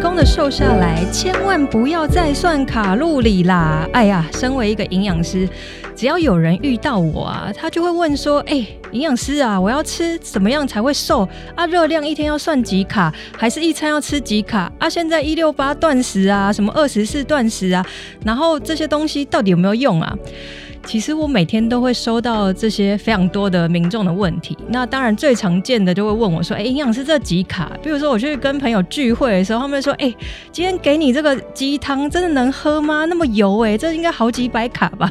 成功的瘦下來，千萬不要再算卡路里啦！哎呀，身為一個營養師，只要有人遇到我啊，他就會問說：“誒、欸，營養師啊，我要吃怎麼樣才會瘦啊？熱量一天要算幾卡，還是一餐要吃幾卡啊？現在一六八斷食啊，什麼二十四斷食啊，然後這些東西到底有沒有用啊？”其實我每天都會收到這些非常多的民眾的問題。那當然最常見的就會問我說：“哎、欸，營養師這幾卡？”比如說我去跟朋友聚會的時候，他們就說：“哎、欸，今天給你這個雞湯真的能喝嗎？那麼油哎、欸，這應該好幾百卡吧？”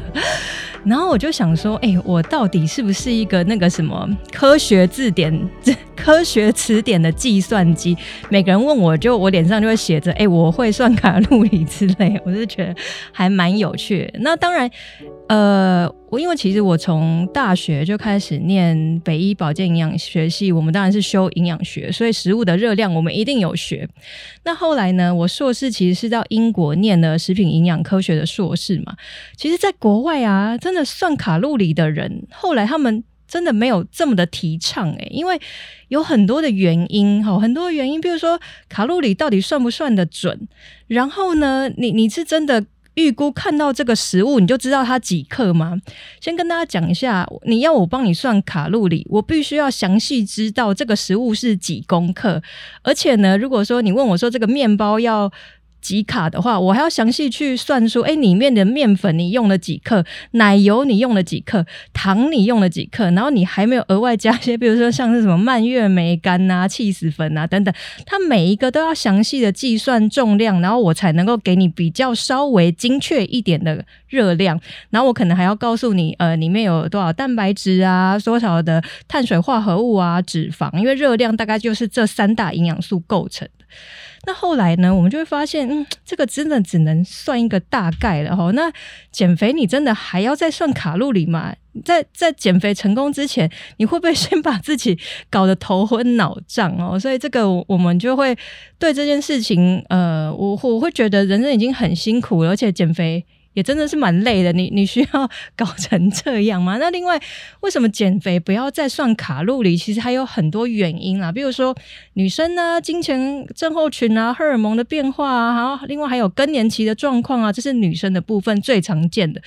然後我就想說：“哎、欸，我到底是不是一個那個什麼科學字典？”科學詞典的計算機，每個人問我就我臉上就會寫着，哎、欸，我會算卡路里之類，我就覺得還蠻有趣的。那當然，呃，我因為其實我從大學就開始念北醫保健營養學系，我們當然是修營養學，所以食物的熱量我們一定有學。那後來呢，我碩士其實是到英國念了食品營養科學的碩士嘛。其實，在國外啊，真的算卡路里的人，後來他們。真的沒有這麼的提倡欸，因為有很多的原因哈，很多原因，比如說卡路里到底算不算得準？然後呢，你你是真的預估看到這個食物，你就知道它幾克嗎？先跟大家講一下，你要我幫你算卡路里，我必須要詳細知道這個食物是幾公克，而且呢，如果說你問我說這個麵包要。幾卡的話，我還要詳細去算出，哎、欸，裡面的麵粉你用了幾克，奶油你用了幾克，糖你用了幾克，然後你還沒有額外加些，比如說像是什麼蔓越莓乾吶、啊、起司粉啊等等，它每一個都要詳細的計算重量，然後我才能夠給你比較稍微精確一點的熱量。然後我可能還要告訴你，呃，裡面有多少蛋白質啊，多少的碳水化合物啊，脂肪，因為熱量大概就是這三大營養素構成。那後來呢？我們就會發現，嗯，這個真的只能算一個大概了哦，那減肥你真的還要再算卡路里嗎？在在減肥成功之前，你會不會先把自己搞得頭昏腦脹哦？所以這個我們就會對這件事情，呃，我我會覺得人生已經很辛苦而且減肥。也真的是蠻累的，你你需要搞成這樣嗎？那另外，為什麼減肥不要再算卡路里？其實還有很多原因啦，比如說女生呢、啊，經前症候群啊，荷爾蒙的變化啊，好，另外還有更年期的狀況啊，這是女生的部分最常見的。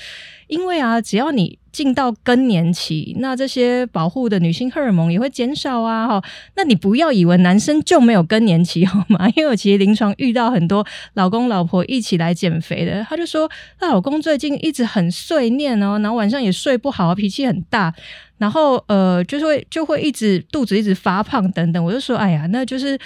因為啊，只要你。進到更年期，那這些保護的女性荷爾蒙也會減少啊，齁。那你不要以為男生就沒有更年期好嗎？因為我其實臨床遇到很多老公老婆一起來減肥的，他就說他老公最近一直很碎念哦，然後晚上也睡不好，脾氣很大。然後呃，就是會就會一直肚子一直發胖等等，我就說哎呀，那就是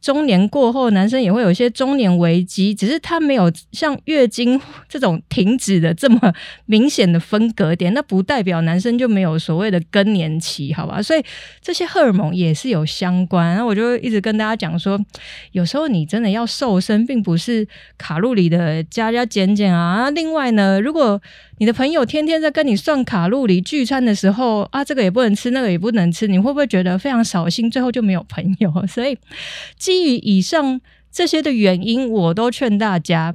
中年過後男生也會有一些中年危機，只是他沒有像月經這種停止的這麼明顯的分隔點，那不代表男生就沒有所謂的更年期，好吧？所以這些荷爾蒙也是有相關。那我就一直跟大家講說，有時候你真的要瘦身，並不是卡路里的加加減減啊。另外呢，如果你的朋友天天在跟你算卡路里，聚餐的時候啊。啊、這個也不能吃，那個也不能吃，你會不會覺得非常掃興？最後就沒有朋友。所以，基於以上這些的原因，我都勸大家。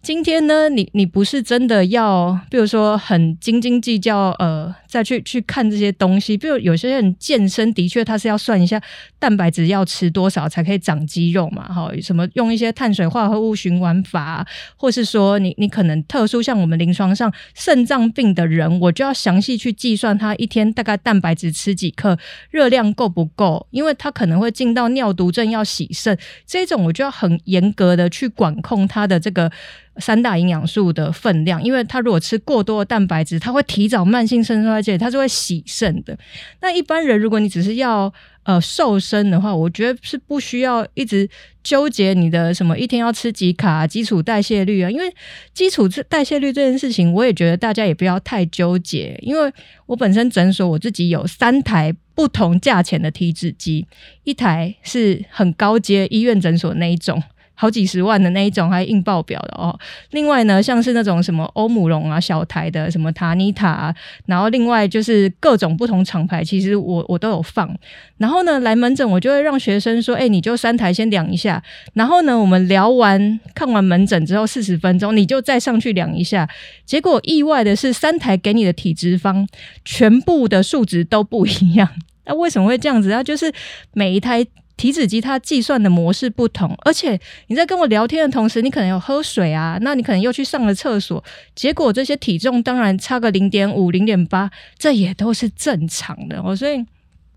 今天呢，你你不是真的要，比如說很斤斤計較，呃，再去去看這些東西。比如有些人健身，的確他是要算一下蛋白質要吃多少才可以長肌肉嘛，哈，什麼用一些碳水化合物循環法啊，或是說你你可能特殊，像我們臨床上腎臟病的人，我就要詳細去計算他一天大概蛋白質吃幾克，熱量夠不夠，因為他可能會進到尿毒症要洗腎，這種我就要很嚴格的去管控他的這個。三大營養素的分量，因為他如果吃過多的蛋白質，他會提早慢性腎衰竭，他是會洗腎的。那一般人如果你只是要呃瘦身的話，我覺得是不需要一直糾結你的什麼一天要吃幾卡基礎代謝率啊，因為基礎代謝率這件事情，我也覺得大家也不要太糾結，因為我本身診所我自己有三台不同價錢的體脂機，一台是很高階醫院診所那一種。好幾十萬的那一種，還印報表的哦。另外呢，像是那種什麼歐姆龍啊、小台的什麼塔尼塔、啊，然後另外就是各種不同廠牌，其實我我都有放。然後呢，來門診我就會讓學生說：“誒、欸，你就三台先量一下。”然後呢，我們聊完看完門診之後四十分鐘，你就再上去量一下。結果意外的是，三台給你的體脂肪全部的數值都不一樣。那、啊、為什麼會這樣子啊？就是每一台。體脂機它計算的模式不同，而且你在跟我聊天的同時，你可能有喝水啊，那你可能又去上了廁所，結果這些體重當然差個零點五、零點八，這也都是正常的、哦。所以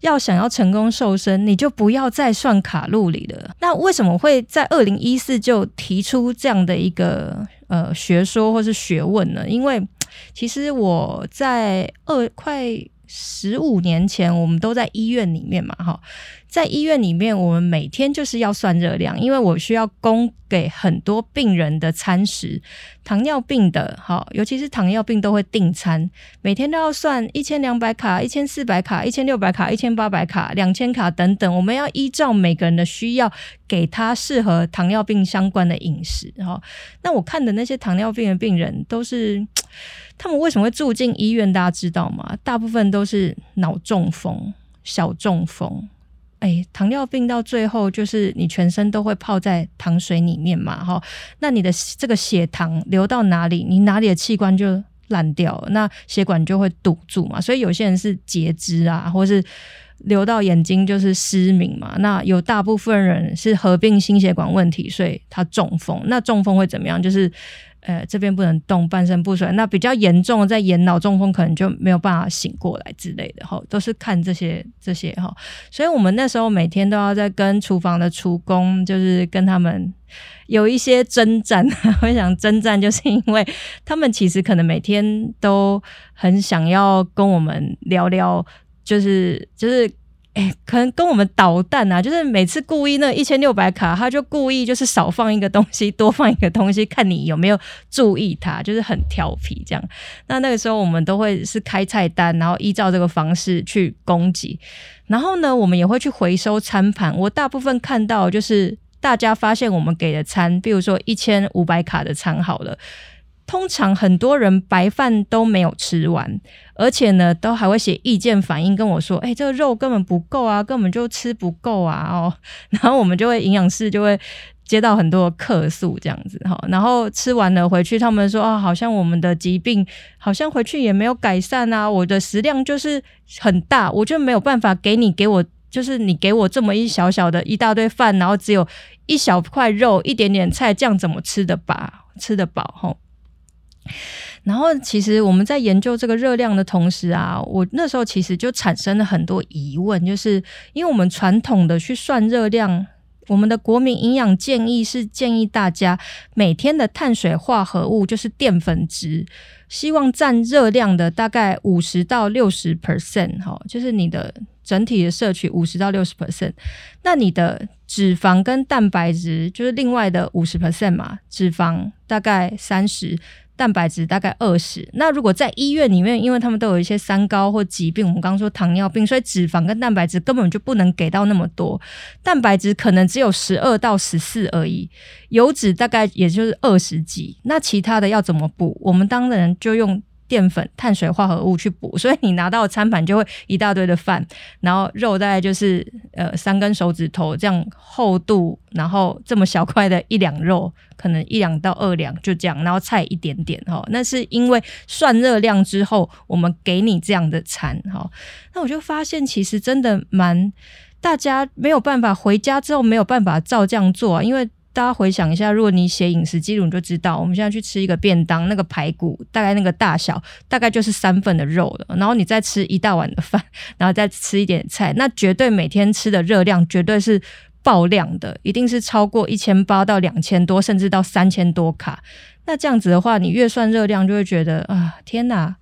要想要成功瘦身，你就不要再算卡路里了。那為什麼會在二零一四就提出這樣的一個呃學說或是學問呢？因為其實我在二快。十五年前，我們都在醫院裡面嘛，哈，在醫院裡面，我們每天就是要算熱量，因為我需要供給很多病人的餐食。糖尿病的，哈，尤其是糖尿病都會訂餐，每天都要算一千兩百卡、一千四百卡、一千六百卡、一千八百卡、兩千卡等等。我們要依照每個人的需要，給他適合糖尿病相關的飲食。哈，那我看的那些糖尿病的病人都是。他們為什麼會住進醫院？大家知道嗎？大部分都是腦中風、小中風。哎、欸，糖尿病到最後就是你全身都會泡在糖水裡面嘛，哈。那你的這個血糖流到哪裡，你哪裡的器官就爛掉了，那血管就會堵住嘛。所以有些人是截肢啊，或是流到眼睛就是失明嘛。那有大部分人是合併心血管問題，所以他中風。那中風會怎麼樣？就是。呃，這邊不能動，半身不遂。那比較嚴重的，在延腦中風，可能就沒有辦法醒過來之類的，哈，都是看這些這些哈。所以，我們那時候每天都要在跟廚房的廚工，就是跟他們有一些征戰， 我想征戰，就是因為他們其實可能每天都很想要跟我們聊聊、就是，就是就是。哎，可能跟我們搗蛋啊，就是每次故意那一千六百卡，他就故意就是少放一個東西，多放一個東西，看你有沒有注意他，就是很調皮這樣。那那個時候我們都會是開菜單，然後依照這個方式去供給。然後呢，我們也會去回收餐盤。我大部分看到就是大家發現我們給的餐，比如說一千五百卡的餐好了。通常很多人白飯都沒有吃完，而且呢，都還會寫意見反應跟我說：“哎、欸，這個肉根本不夠啊，根本就吃不夠啊。”哦，然後我們就會營養師就會接到很多客訴這樣子哈。然後吃完了回去，他們說：“哦，好像我們的疾病好像回去也沒有改善啊。我的食量就是很大，我就沒有辦法給你給我，就是你給我這麼一小小的、一大堆飯，然後只有一小塊肉，一點點菜，這樣怎麼吃得飽？吃得飽？哦然後，其實我們在研究這個熱量的同時啊，我那時候其實就產生了很多疑問，就是因為我們傳統的去算熱量，我們的國民營養建議是建議大家每天的碳水化合物就是澱粉質，希望占熱量的大概五十到六十 percent 哈，就是你的整體的攝取五十到六十 percent，那你的脂肪跟蛋白質就是另外的五十 percent 嘛，脂肪大概三十。蛋白質大概二十，那如果在醫院裡面，因為他們都有一些三高或疾病，我們剛說糖尿病，所以脂肪跟蛋白質根本就不能給到那麼多，蛋白質可能只有十二到十四而已，油脂大概也就是二十幾，那其他的要怎麼補？我們當然就用。澱粉、碳水化合物去補，所以你拿到餐盤就會一大堆的飯，然後肉大概就是呃三根手指頭這樣厚度，然後這麼小塊的一兩肉，可能一兩到二兩就這樣，然後菜一點點哈。那是因為算熱量之後，我們給你這樣的餐哈。那我就發現其實真的蠻大家沒有辦法回家之後沒有辦法照這樣做啊，因為。大家回想一下，如果你寫飲食記錄，你就知道，我們現在去吃一個便當，那個排骨大概那個大小，大概就是三份的肉了。然後你再吃一大碗的飯，然後再吃一點菜，那絕對每天吃的熱量絕對是爆量的，一定是超過一千八到兩千多，甚至到三千多卡。那這樣子的話，你越算熱量就會覺得啊，天吶，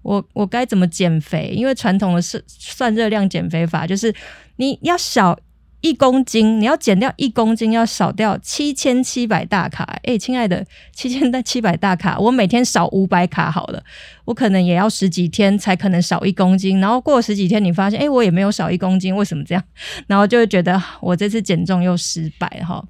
我我該怎麼減肥？因為傳統的是算熱量減肥法就是你要少。一公斤，你要減掉一公斤，要少掉七千七百大卡。哎、欸，親愛的，七千七百大卡，我每天少五百卡好了，我可能也要十幾天才可能少一公斤。然後過了十幾天，你發現，哎、欸，我也沒有少一公斤，為什麼這樣？然後就會覺得我這次減重又失敗哈。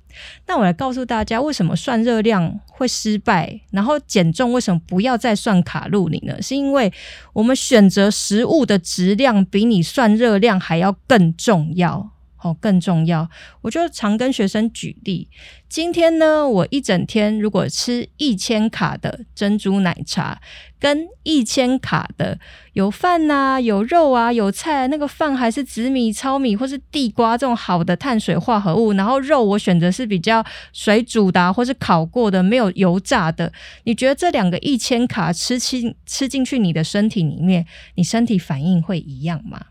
那我來告訴大家，為什麼算熱量會失敗，然後減重為什麼不要再算卡路里呢？是因為我們選擇食物的質量比你算熱量還要更重要。哦，更重要，我就常跟學生舉例。今天呢，我一整天如果吃一千卡的珍珠奶茶，跟一千卡的有飯吶、啊、有肉啊、有菜、啊，那個飯還是紫米、糙米或是地瓜這種好的碳水化合物，然後肉我選擇是比較水煮的、啊、或是烤過的，沒有油炸的。你覺得這兩個一千卡吃進吃進去你的身體裡面，你身體反應會一樣嗎？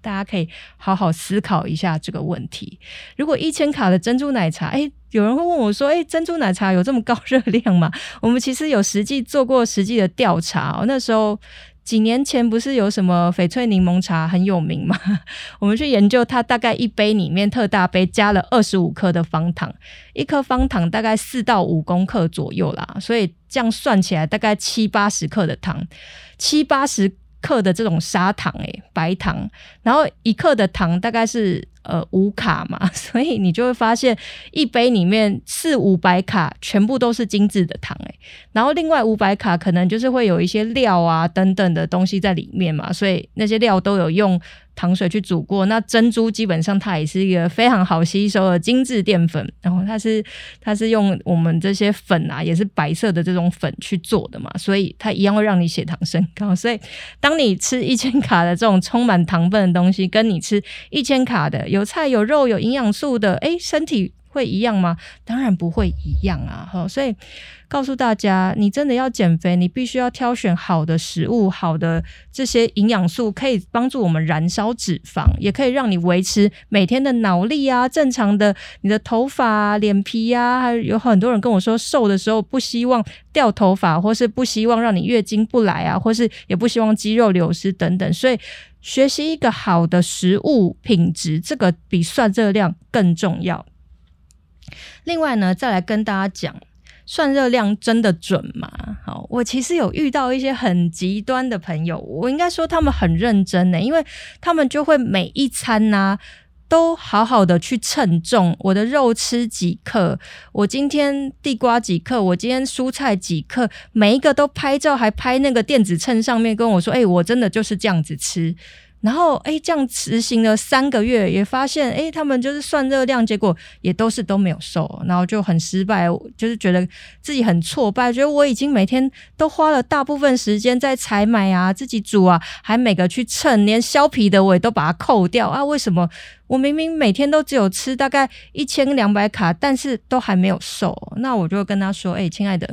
大家可以好好思考一下這個問題。如果一千卡的珍珠奶茶，誒、欸，有人會問我說：“誒、欸，珍珠奶茶有這麼高熱量嗎？”我們其實有實際做過實際的調查哦。那時候幾年前不是有什麼翡翠檸檬茶很有名嗎？我們去研究它，大概一杯裡面特大杯加了二十五克的方糖，一顆方糖大概四到五公克左右啦，所以這樣算起來大概七八十克的糖，七八十。克的這種砂糖，欸，哎，白糖，然後一克的糖大概是呃五卡嘛，所以你就會發現一杯裡面四五百卡全部都是精緻的糖，欸，哎，然後另外五百卡可能就是會有一些料啊等等的東西在裡面嘛，所以那些料都有用，糖水去煮過，那珍珠基本上它也是一個非常好吸收的精致澱粉，然後，哦，它是它是用我們這些粉啊，也是白色的這種粉去做的嘛，所以它一樣會讓你血糖升高。所以當你吃一千卡的這種充滿糖分的東西，跟你吃一千卡的有菜有肉有營養素的，誒，身體。會一樣嗎？當然不會一樣啊！哈，所以告訴大家，你真的要減肥，你必須要挑選好的食物，好的這些營養素可以幫助我們燃燒脂肪，也可以讓你維持每天的腦力啊，正常的你的頭髮啊、臉皮啊，還有，有很多人跟我說，瘦的時候不希望掉頭髮，或是不希望讓你月經不來啊，或是也不希望肌肉流失等等。所以，學習一個好的食物品質，這個比算熱量更重要。另外呢，再來跟大家講，算熱量真的準嗎？好，我其實有遇到一些很極端的朋友，我應該說他們很認真呢、欸，因為他們就會每一餐吶、啊，都好好的去稱重，我的肉吃幾克，我今天地瓜幾克，我今天蔬菜幾克，每一個都拍照，還拍那個電子秤上面跟我說，誒、欸，我真的就是這樣子吃。然後哎、欸，這樣執行了三個月，也發現誒、欸，他們就是算熱量，結果也都是都沒有瘦，然後就很失敗，就是覺得自己很挫敗，覺得我已經每天都花了大部分時間在採買啊、自己煮啊，還每個去稱，連削皮的我也都把它扣掉啊，為什麼我明明每天都只有吃大概一千兩百卡，但是都還沒有瘦？那我就跟他說，哎、欸，親愛的。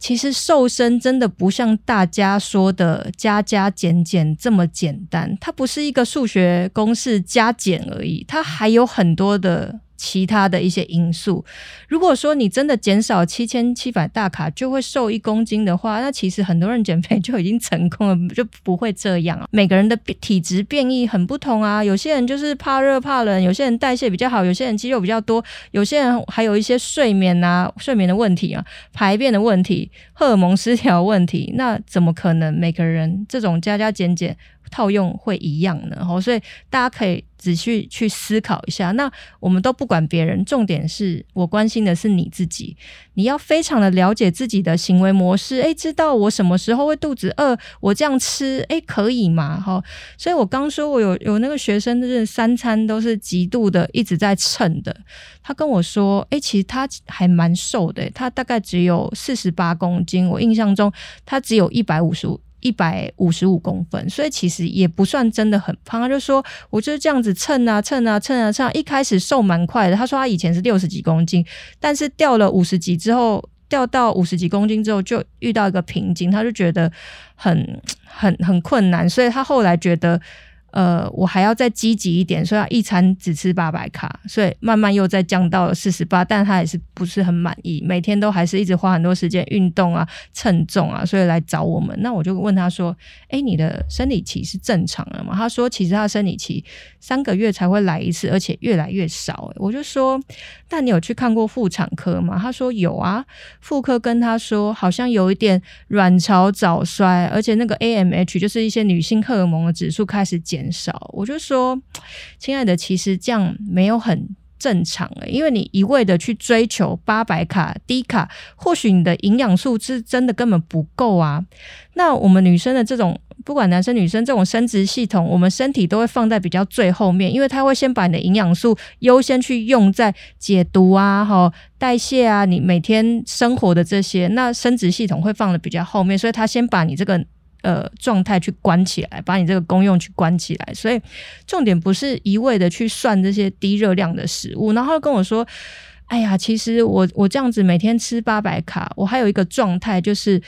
其實瘦身真的不像大家說的加加減減這麼簡單，它不是一個數學公式加減而已，它還有很多的，其他的一些因素，如果說你真的減少七千七百大卡就會瘦一公斤的話，那其實很多人減肥就已經成功了，就不會這樣啊。每個人的體質變異很不同啊，有些人就是怕熱怕冷，有些人代謝比較好，有些人肌肉比較多，有些人還有一些睡眠啊、睡眠的問題啊、排便的問題、荷爾蒙失調問題，那怎麼可能每個人這種加加減減？套用會一樣呢，好。所以大家可以仔細去思考一下。那我們都不管別人，重點是我關心的是你自己。你要非常的了解自己的行為模式，誒，知道我什麼時候會肚子餓，我這樣吃，誒可以嗎？吼，所以我剛說，我有有那個學生是三餐都是極度的一直在秤的，他跟我說，誒，其實他還蠻瘦的，他大概只有四十八公斤，我印象中他只有一百五十五。一百五十五公分，所以其實也不算真的很胖。他就說，我就是這樣子稱啊，稱啊，稱啊，稱啊。一開始瘦蠻快的，他說他以前是六十幾公斤，但是掉了五十幾之後，掉到五十幾公斤之後就遇到一個瓶頸，他就覺得很很很困難，所以他後來覺得。呃，我還要再積極一點，所以要一餐只吃八百卡，所以慢慢又再降到了四十八，但他也是不是很滿意，每天都還是一直花很多時間運動啊、稱重啊，所以來找我們。那我就問他說：“哎、欸，你的生理期是正常的嗎？”他說：“其實他的生理期三個月才會來一次，而且越來越少、欸。”我就說：“但你有去看過婦產科嗎？”他說：“有啊。”婦科跟他說：“好像有一點卵巢早衰，而且那個 AMH 就是一些女性荷爾蒙的指數開始減。”減少，我就說，親愛的，其實這樣沒有很正常誒，因為你一味的去追求八百卡、低卡，或許你的營養素是真的根本不夠啊。那我們女生的這種，不管男生女生，這種生殖系統，我們身體都會放在比較最後面，因為它會先把你的營養素優先去用在解毒啊、哈代謝啊，你每天生活的這些，那生殖系統會放得比較後面，所以它先把你這個。呃，狀態去關起來，把你這個功用去關起來，所以重點不是一味的去算這些低熱量的食物，然後跟我說，哎呀，其實我我這樣子每天吃八百卡，我還有一個狀態就是。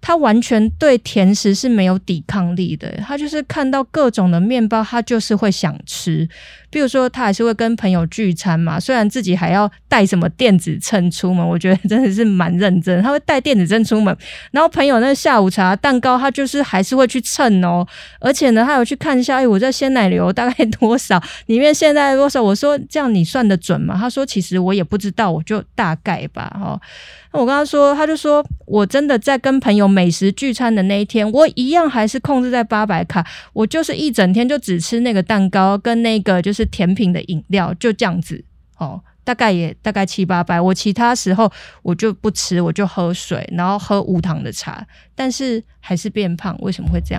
他完全對甜食是沒有抵抗力的，他就是看到各種的麵包，他就是會想吃。譬如說，他還是會跟朋友聚餐嘛，雖然自己還要帶什麼電子秤出門，我覺得真的是蠻認真。他會帶電子秤出門，然後朋友那下午茶蛋糕，他就是還是會去稱哦、喔。而且呢，他有去看一下，哎，我在鮮奶油大概多少？裡面現在多少？我說這樣你算的準嗎？他說其實我也不知道，我就大概吧，哈、哦。那我跟他說，他就說。我真的在跟朋友美食聚餐的那一天，我一樣還是控制在八百卡。我就是一整天就只吃那個蛋糕跟那個就是甜品的飲料，就這樣子哦，大概也大概七八百。我其他時候我就不吃，我就喝水，然後喝無糖的茶，但是還是變胖，為什麼會這樣？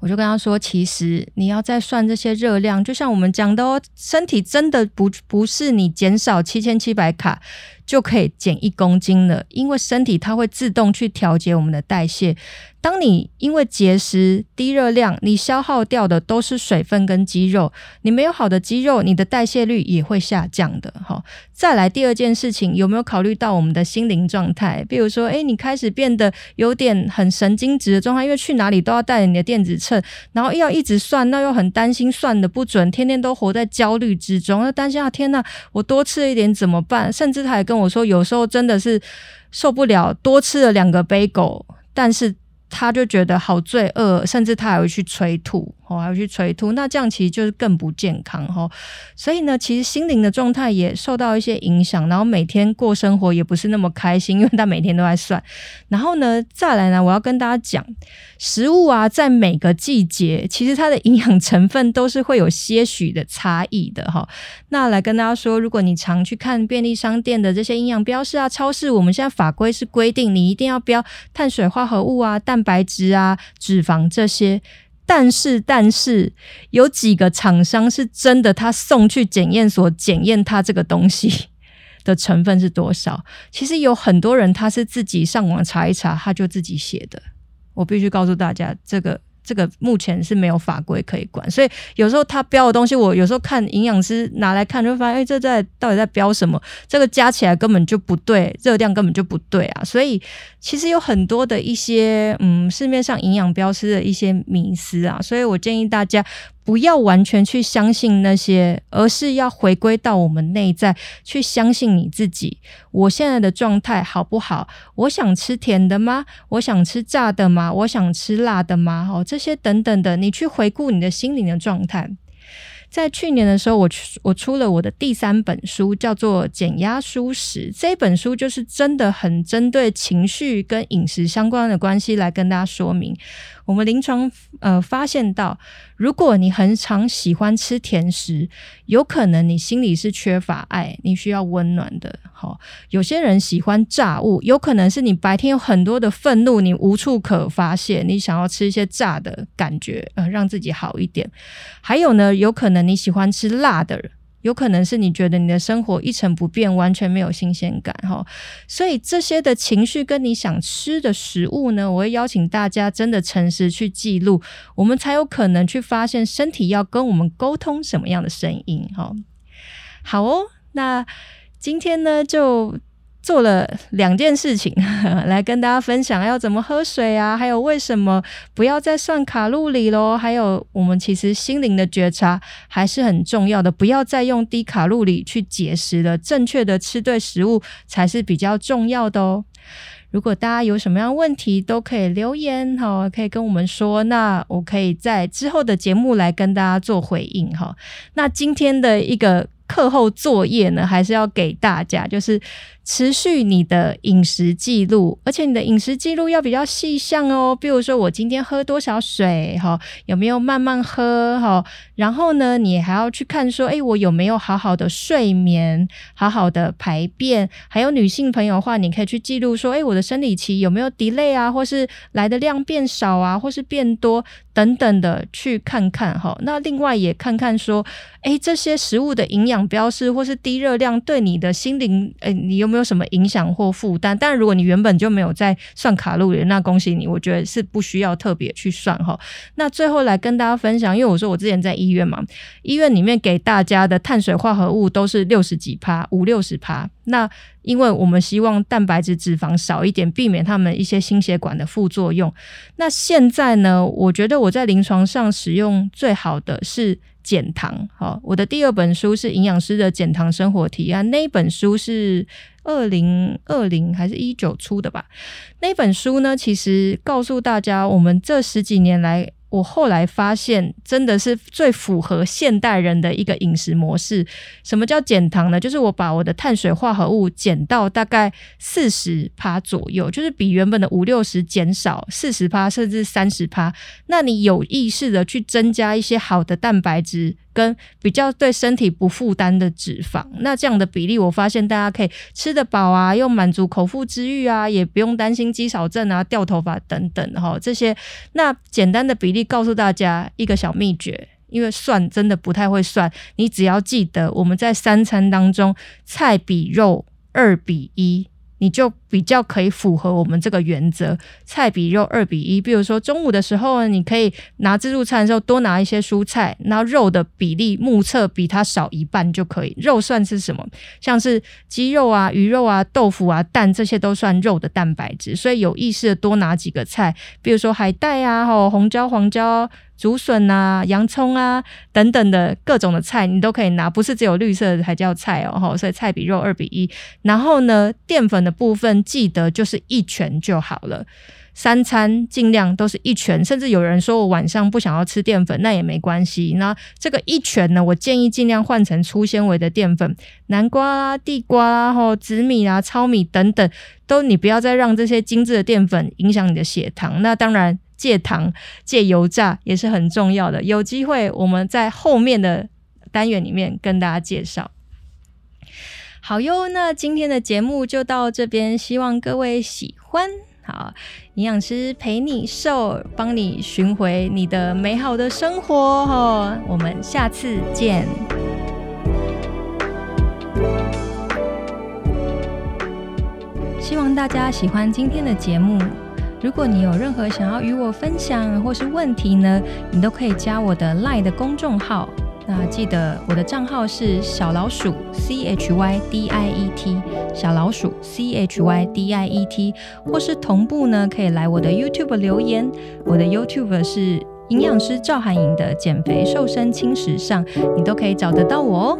我就跟他說，其實你要再算這些熱量，就像我們講的哦、喔，身體真的不不是你減少七千七百卡就可以減一公斤了，因為身體它會自動去調節我們的代謝。當你因為節食低熱量，你消耗掉的都是水分跟肌肉，你沒有好的肌肉，你的代謝率也會下降的。好，再來第二件事情，有沒有考慮到我們的心靈狀態？比如說，哎、欸，你開始變得有點很神經質的狀態，因為去哪裡都要帶着你的電子秤。然後又要一直算，那又很擔心算的不準，天天都活在焦慮之中，那擔心啊！天哪，我多吃一點怎麼辦？甚至他還跟我說，有時候真的是受不了，多吃了兩個貝果，但是。他就覺得好罪惡，甚至他還會去催吐，哦，還會去催吐。那這樣其實就是更不健康哈。所以呢，其實心靈的狀態也受到一些影響，然後每天過生活也不是那麼開心，因為他每天都在算。然後呢，再來呢，我要跟大家講食物啊，在每個季節，其實它的營養成分都是會有些許的差異的哈。那來跟大家說，如果你常去看便利商店的這些營養標示啊，超市我們現在法規是規定你一定要標碳水化合物啊，蛋。白質啊，脂肪這些，但是但是有幾個廠商是真的，他送去檢驗所檢驗他這個東西的成分是多少？其實有很多人他是自己上網查一查，他就自己寫的。我必須告訴大家這個。這個目前是沒有法規可以管，所以有時候它標的東西，我有時候看營養師拿來看，就發現，哎，這在到底在標什麼，這個加起來根本就不對，熱量根本就不對啊！所以其實有很多的一些嗯市面上營養標示的一些迷思啊，所以我建議大家，不要完全去相信那些，而是要回歸到我們內在去相信你自己。我現在的狀態好不好？我想吃甜的嗎？我想吃炸的嗎？我想吃辣的嗎？哦，這些等等的，你去回顧你的心靈的狀態。在去年的時候，我我出了我的第三本書，叫做《減壓舒食》。這本書就是真的很針對情緒跟飲食相關的關係來跟大家說明。我們臨床呃發現到，如果你很常喜歡吃甜食，有可能你心裡是缺乏愛，你需要溫暖的。好、哦，有些人喜歡炸物，有可能是你白天有很多的憤怒，你無處可發洩，你想要吃一些炸的感覺，呃，讓自己好一點。還有呢，有可能你喜歡吃辣的人。有可能是你覺得你的生活一成不變，完全沒有新鮮感哈，所以這些的情緒跟你想吃的食物呢，我會邀請大家真的誠實去記錄，我們才有可能去發現身體要跟我們溝通什麼樣的聲音哈。好哦，那今天呢就……做了兩件事情呵呵來跟大家分享：要怎麼喝水啊？還有為什麼不要再算卡路里嘍？還有我們其實心靈的覺察還是很重要的。不要再用低卡路里去節食了，正確的吃對食物才是比較重要的哦。如果大家有什麼樣問題，都可以留言哈，可以跟我們說，那我可以在之後的節目來跟大家做回應哈。那今天的一個。課後作業呢，還是要給大家，就是持續你的飲食記錄，而且你的飲食記錄要比較細項哦。比如說，我今天喝多少水哈，有沒有慢慢喝哈？然後呢，你還要去看說，哎，我有沒有好好的睡眠，好好的排便？還有女性朋友的話，你可以去記錄說，哎，我的生理期有沒有 delay 啊，或是來的量變少啊，或是變多等等的，去看看哈。那另外也看看說，哎，這些食物的營養。標示或是低熱量對你的心靈，誒、欸，你有沒有什麼影響或負擔？但如果你原本就沒有在算卡路里，那恭喜你，我覺得是不需要特別去算哈。那最後來跟大家分享，因為我說我之前在醫院嘛，醫院裡面給大家的碳水化合物都是六十幾趴，五六十趴。那，因為我們希望蛋白質脂肪少一點，避免他們一些心血管的副作用。那現在呢，我覺得我在臨床上使用最好的是減糖。好，我的第二本書是《營養師的減糖生活提案》啊，那一本書是二零二零還是一九出的吧？那本書呢，其實告訴大家，我們這十幾年來。我後來發現，真的是最符合現代人的一個飲食模式。什麼叫減糖呢？就是我把我的碳水化合物減到大概四十趴左右，就是比原本的五六十減少四十趴，甚至三十趴。那你有意識的去增加一些好的蛋白質。跟比較對身體不負擔的脂肪，那這樣的比例，我發現大家可以吃得飽啊，又滿足口腹之欲啊，也不用擔心肌少症啊、掉頭髮等等齁，這些那簡單的比例告訴大家一個小祕訣，因為算真的不太會算，你只要記得我們在三餐當中菜比肉二比一，你就。比較可以符合我們這個原則，菜比肉二比一。比如說中午的時候，你可以拿自助餐的時候多拿一些蔬菜，那肉的比例目測比它少一半就可以。肉算是什麼？像是雞肉啊、魚肉啊、豆腐啊、蛋這些都算肉的蛋白質，所以有意識的多拿幾個菜，比如說海帶啊、紅椒、黃椒、竹筍啊、洋蔥啊等等的各種的菜，你都可以拿，不是只有綠色的才叫菜哦，喔。所以菜比肉二比一，然後呢，澱粉的部分。記得就是一拳就好了，三餐盡量都是一拳，甚至有人說，我晚上不想要吃澱粉，那也沒關係。那這個一拳呢，我建議盡量換成粗纖維的澱粉，南瓜、地瓜、哦、紫米啦、啊、糙米等等，都你不要再讓這些精致的澱粉影響你的血糖。那當然，戒糖、戒油炸也是很重要的。有機會我們在後面的單元裡面跟大家介紹。好喲，那今天的節目就到這邊，希望各位喜歡。好，營養師陪你瘦，幫你尋回你的美好的生活吼，我們下次見。希望大家喜歡今天的節目。如果你有任何想要與我分享或是問題呢，你都可以加我的 LINE 的公眾號。那記得我的賬號是小老鼠 C H Y D I E T 小老鼠 C H Y D I E T，或是同步呢，可以來我的 YouTube 留言，我的 YouTube 是營養師趙函穎的減肥瘦身輕時尚，你都可以找得到我哦。